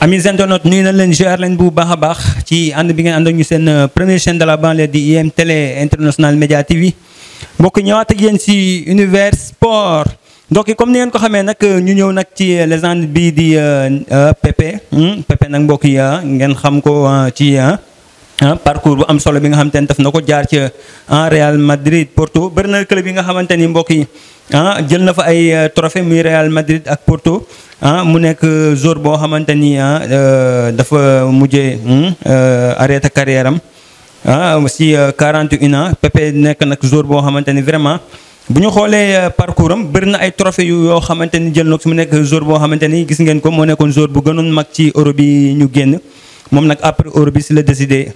amis internautes nuyu na leen GR leen bu baax a baax ci ànd bi ngeen ànd ñu seen euh, première chaîne de la banlieue di IM télé international média TV mbokk ñëwaat ak yéen si universe sport donc comme ni ngeen ko xamee nag euh, ñu ñëw nag ci euh, légende bi di Pépé hmm, Pépé nag mbokk yi ngeen xam ko ci. Ah, parcours bu am solo bi nga xamante ni daf na ko jaar ci ah, Real Madrid Porto bëri na club yi nga xamante ni mbokk yi ah jël na fa ay eh, trophée muy Real Madrid ak Porto ah mu nekk eh, joueur boo xamante ni ah eh, dafa mujjee hmm, arrêté carrière am ah si 41 ans Pepe nekk nag joueur boo xamante ni bu ñu xoolee parcours am bëri na ay trophée yu yoo xamante ni jël na ko mu nekk joueur boo xamante ni gis ngeen ko moo nekkoon joueur bu gënoon mag ci Europe bi ñu génn moom nag après Europe si la décidé.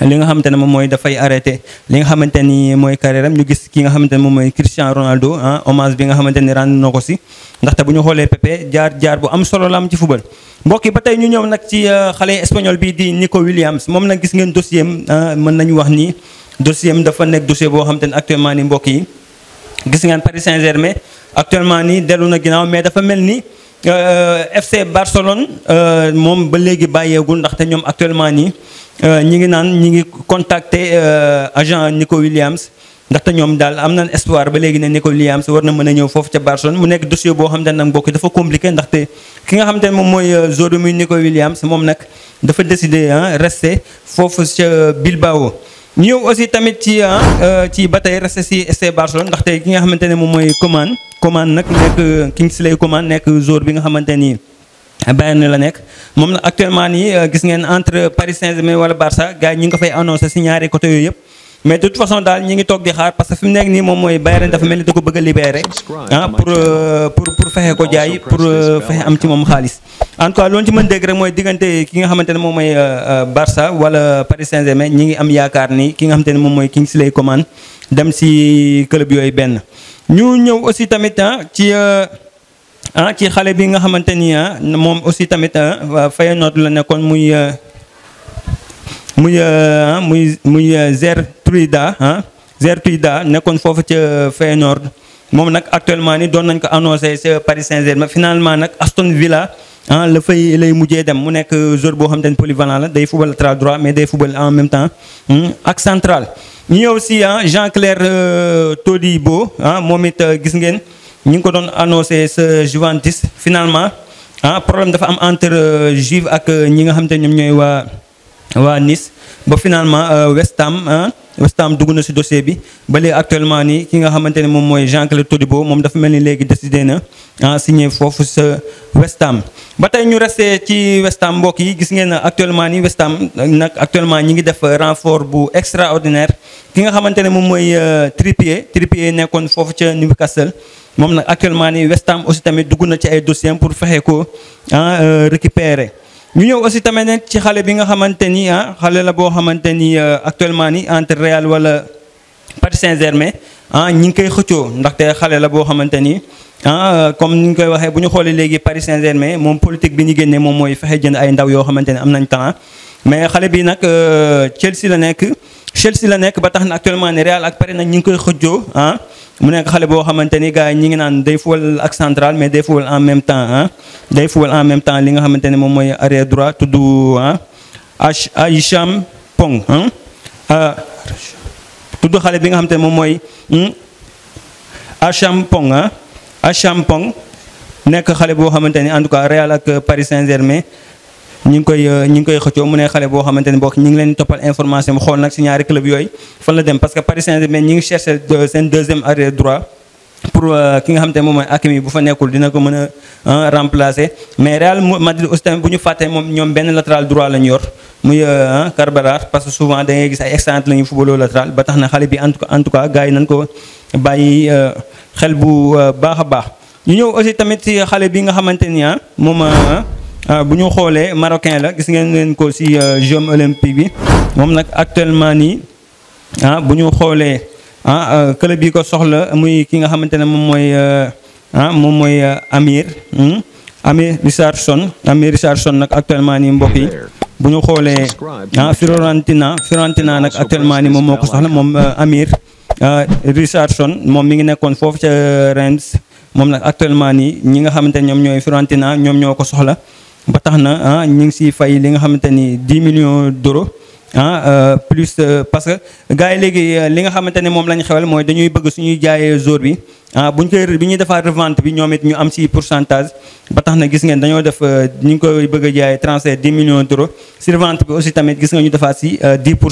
li nga xamante ne moom mooy dafay arrêté li nga xamante ni mooy carrière am ñu gis ki nga xamante ne moom mooy Cristiano Ronaldo ah hommage bi nga xamante ni rend na ko si ndaxte bu ñu xoolee Pepe jaar jaar bu am solo la am ci football. mbokk yi ba tey ñu ñëw nag ci euh, xale espagnol bi di Nico Williams moom nag gis ngeen dossier ah, mën nañu wax ni dossier dafa nekk dossier boo xamante ni actuellement ni mbokk yi gis ngeen Paris Saint-Germain actuellement nii dellu na ginnaaw mais dafa mel ni. Euh, FC Barcelone euh, moom ba léegi bàyyeegul ndaxte ñoom actuellement nii euh, ñi ngi naan ñi ngi contacter agent Nico Williams ndaxte ñoom daal am nañ espoir ba léegi ne Nico Williams war na mën a ñëw foofu ca Barcelone mu nekk dossier boo xam ne nag mbokk dafa compliqué ndaxte ki nga xam ne moom mooy Zodo muy Nico Williams moom nag dafa décidé ah rester foofu ca Bilbao. ñëw aussi tamit ci ah, euh, ci ba tey resté si FC Barcelone ndaxte ki nga xamante ne moom mooy Coman Coman nag nekk Kingsley Coman nekk joueur bi nga xamante ni Bayern la nekk moom na actuellement nii euh, gis ngeen entre Paris Saint-Germain wala Barça gars yi ñu ngi ko fay annoncé si ñaari côté yooyu yëpp. mais de toute façon daal ñu ngi toog di xaar parce que fi mu nekk nii moom mooy Bayern dafa mel ni da ko bëgg a ah, euh, pour pour fexe ko jaay pour fexe am ci moom xaalis. en tout cas loolu ci mën dégg rek mooy diggante ki nga xamante ne moom barça wala paris saint germain ñi ngi am yaakaar ni ki nga xamante ne moom mooy king si lay commande dem si club yooyu benn ñu ñëw aussi tamit ah ci ah ci xale bi nga xamante ni ah moom aussi tamit ah faye noot la nekkoon muy muy ah muy muy zer truida ah zer truida ah, nekkoon foofu ca faye actuellement ni doon nañ ko annoncé ca paris saint germain finalement nag aston villa Hein, le le fay lay mujjee dem mu nekk joueur boo xam polyvalent la day football latéral droit mais des football en même temps hmm, ak central. y a aussi hein, Jean-Claire euh, Todibo Mohamed hein, moom it euh, gis annoncé ce Juventus finalement ah problème dafa am entre euh, Juve ak ñi nga xam te ñoom Nice ba finalement West Ham West Ham dugg na ce dossier bi ba actuellement ni ki nga xamante ne moom Jean-Claire Todibo mom dafa melni légui décidé na. ah signé foofu sa West ba tey ñu reste ci West mbokk yi gis ngeen actuellement ni West nag actuellement ñi ngi def renfort bu extraordinaire ki nga xamante ne moom mooy euh, Trippier tripier nekkoon foofu ca Newcastle moom nag actuellement ni West aussi tamit dugg na ci ay dossiers pour fexe ko ah euh, récupérer ñu ñëw aussi tamit nag ci xale bi nga xamante ni ah xale la boo xamante ni euh, actuellement ni entre Real wala Paris Saint-Germain ah ñi ngi koy xëccoo ndaxte xale la boo xamante ni. ah euh, comme ni ñu koy waxee bu ñu xoolee léegi Paris Saint-Germain moom politique bi ñu génnee moom mooy fexe jënd ay ndaw yoo xamante ne am nañ talent mais xale bi nag euh, Chelsea la nekk Chelsea la nekk ba tax na actuellement ne Real ak pare nag ñu ngi koy xëjjoo ah. mu nekk xale boo xamante ni gars yi ngi naan day fuwal ak central mais day fuwal en même temps ah. day fuwal en même temps li nga xamante ne moom mooy arrière droit tudd ah Hicham Pong ah euh, tudd xale bi nga xamante ne moom mooy Hicham hmm, Pong ah Achampong nekk xale boo xamante ni en tout cas Real ak Paris Saint-Germain ñu ngi koy ñu ngi koy xëccoo mu ne xale boo xamante ni bokk ñu ngi leen toppal information bi xool nag si ñaari club que Paris Saint-Germain ñu ngi cherché seen deuxième arrière droit pour euh, ki nga xam ne moom mooy Hakimi bu fa nekkul dina ko mën a remplacer mais Real Madrid aussi tamit bu ñu fàttee moom ñoom benn latéral droit la ñu yor muy euh, Carvajal parce que souvent da ngay gis ay excellent la ñuy footballoo latéral ba tax na xale bi en tout cas en tout cas xel bu euh, baax a baax ñu ñëw aussi tamit si xale bi nga xamante ni ah moom euh, euh, bu ñu xoolee marocain la gis ngeen leen ko si Jeux olympique bi moom nag actuellement nii ah bu ñu xoolee ah club yi ko soxla muy ki nga xamante ne moom mooy ah moom mooy Amir hmm? Amir Richardson Amir Richardson nag actuellement nii mbokk yi bu ñu xoolee ah Fiorentina Fiorentina nak actuellement nii moom moo ko soxla moom Amir. Euh, Richardson moom mi ngi nekkoon foofu ca euh, Reims moom nag actuellement nii ñi nga xamante ne ñoom ñooy Fiorentina ñoom ñoo ko soxla ba tax na ah, ñu ngi siy fay li nga xamante ni 10 millions d'euros ah euh, plus parce que gars yi léegi li nga xamante ne moom la ñu xewal mooy dañuy bëgg suñuy jaayee jour bi ah bu ñu koy bi ñuy defaat revente bi ñoom it ñu am si pourcentage ba tax na gis ngeen dañoo def ñu ngi koy bëgg a jaayee transfert 10 millions d'euros si revente bi aussi tamit gis nga ñu defaat si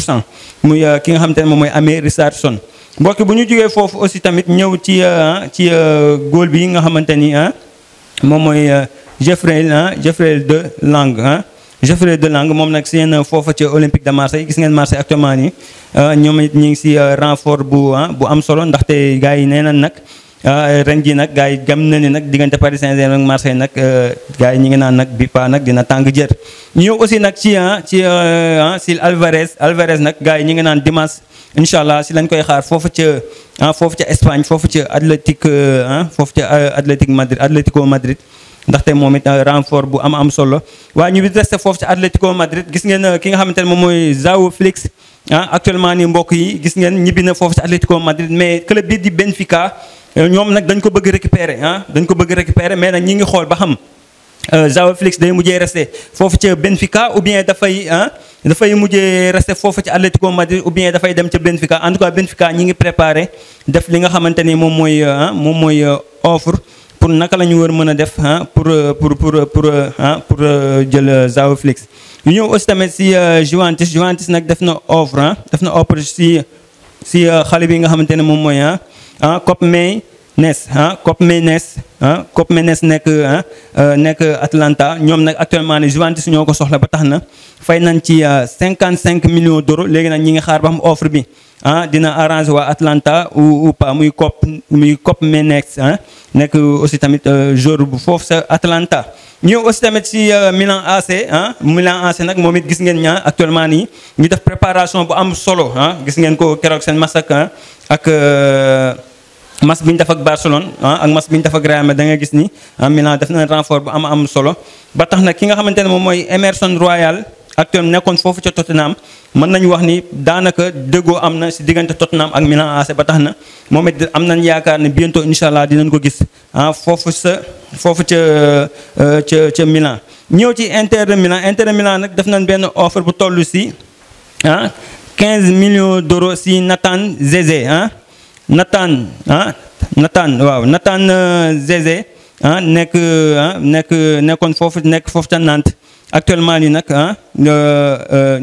cent muy ki nga xamante ne moom mooy Amé Richardson. mbokki bu ñu jógee foofu aussi tamit ñëw ci euh, ah, ci euh, góol bi nga xamante ni ah, moom mooy Geoffrey euh, Geoffrey ah, de Lange ah Geoffrey de Lange moom nag si seen foofa ci Olympique de Marseille gis ngeen Marseille actuellement nii ñoom it ñu ngi si renfort bu bu am solo ndaxte gars yi nee na nag Ah, eh, ren ji nak gay, gam na ni nak digënté paris saint germain ak marseille nak gaay ñi ngi naan nak bipa nak dina tang jër ñu aussi nak ci hein ci hein sil alvarez alvarez nak gay ñi ngi naan dimas inshallah si lañ koy xaar fofu ci hein ah, fofu ci espagne fofu ci atletic hein eh, ah, fofu ci eh, atletic madrid atletico madrid ndax tay momit renfort bu am am solo wa ñu bi resté fofu ci atletico madrid gis ngeen ki nga xamantene mom moy jao felix actuellement ni mbokk yi gis ngeen ñibi na fofu ci atletico madrid mais club bi di benfica ñoom nag dañ ko bëgg récupérer ah dañ ko bëgg récupérer mais nag ñi ngi xool ba xam euh, Joao day mujjee resté foofu ca Benfica ou bien dafay ah dafay mujjee resté foofu ci Atlético Madrid ou bien dafay dem ca Benfica en tout cas Benfica ñi ngi préparé def li nga xamante ni moom mooy ah, moom mooy euh, offre pour naka la ñu war mën a def ah pour euh, pour pour pour ah pour jël Joao Félix. ñu ñëw aussi tamit si Juventus Juventus nag def na offre ah def na offre si si xale bi nga xamante ne moom mooy ah. ah Koppmey Nes ah Koppmey Nes ah Koppmey Nes nekk ah euh, nekk Atlanta ñoom nag actuellement ne Juventus ñoo ko soxla ba tax na fay nañ ci 55 euh, millions d'euros léegi nag ñi ngi xaar ba am offre bi ah dina arrangé waa Atlanta ou pas muy Kopp muy Koppmey Nes ah nekk aussi tamit euh, joueur bu foofu sa Atlanta. ñëw aussi tamit si Milan AC ah Milan AC nag moom it gis ngeen ñaa actuellement nii ñu def préparation bu am solo ah gis ngeen ko keroog seen masak ah, ak. mas bi ñu def ak Barcelone ah ak mas bi ñu def ak Real Madrid da nga gis ni ah, Milan def na renfort bu am am solo ba tax na ki nga xamante ne moom mooy Emerson Royal actuellement nekkoon foofu ca Tottenham mën nañu wax ni daanaka déggoo am na si diggante Tottenham ak Milan AC ba tax na moom it am nañ yaakaar ne bientôt incha allah dinañ ko gis ah foofu sa foofu ca euh, ca ca Milan. ñëw ci Inter de Milan Inter Milan nag def nañ benn offre bu toll si ah 15 millions d'euros si Nathan Zézé ah. nataan ah Nathan waaw Nathan euh, Zézé ah nekk euh, ah nekk nekkoon foofu nekk foofu ca Nantes actuellement nii nag ah. Euh,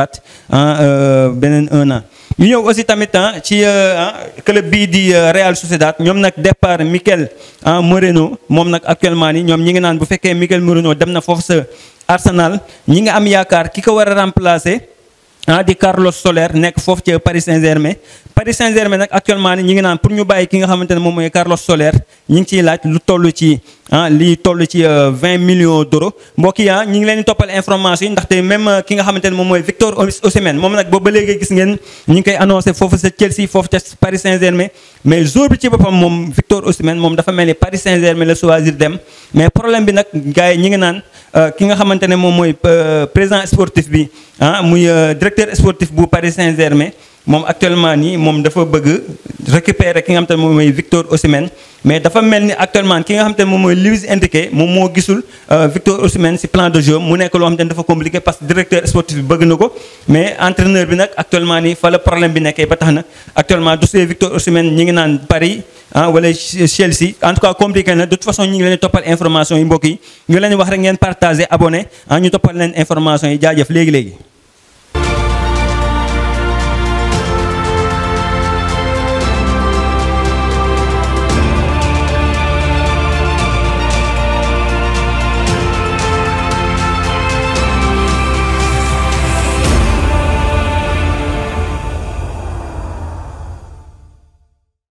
quatre ah beneen un an. ñu ñëw aussi tamit ci euh, club bii di euh, réal Sociedad ñoom nag départ Mikel Moreno moom nag actuellement nii ñoom ñi ngi naan bu fekkee Mikel Moreno dem na foofu sa Arsenal ñi nga am yaakaar ki ko war a remplacer. ah di Carlos Soler nekk foofu ci Paris Saint-Germain Paris Saint-Germain nag actuellement ni ñi ngi naan pour ñu bàyyi ki nga xamante ne moom mooy Carlos Soler ñi ngi ciy laaj lu toll ci ah li toll ci 20 euh, millions d'euros mbokk yi ah ñi ngi leen di toppal information yi ndaxte même euh, ki nga xamante ne moom mooy Victor Osimhen moom nag boobu ba léegi gis ngeen ñi ngi koy annoncé foofu sa Chelsea foofu ca Paris Saint-Germain mais jour bi ci boppam moom Victor Osimhen moom dafa mel ni Paris Saint-Germain la choisir naan Euh, ki nga xamante ne moom mooy euh, président sportif bi ah muy euh, directeur sportif bu Paris Saint-Germain mom actuellement ni mom dafa bëgg récupérer ki nga xam te ne Victor Osimhen mais dafa melni actuellement ki nga xam te ne moom Luis Enrique mom mo gisul euh, Victor Osimhen ci plan de jeu mu nek lo xam te dafa compliqué parce que directeur sportif bi bëgg mais entraîneur bi nak actuellement ni fa la problème bi nekkee ba tax actuellement dossier Victor Osimhen ñi ngi nan Paris hein wala Chelsea en tout cas compliqué na de toute façon ñi ngi leen topal information yi mbokk yi ñu leen wax rek ngeen partager abonné ah, ñu topal leen information yi jajeuf légui légui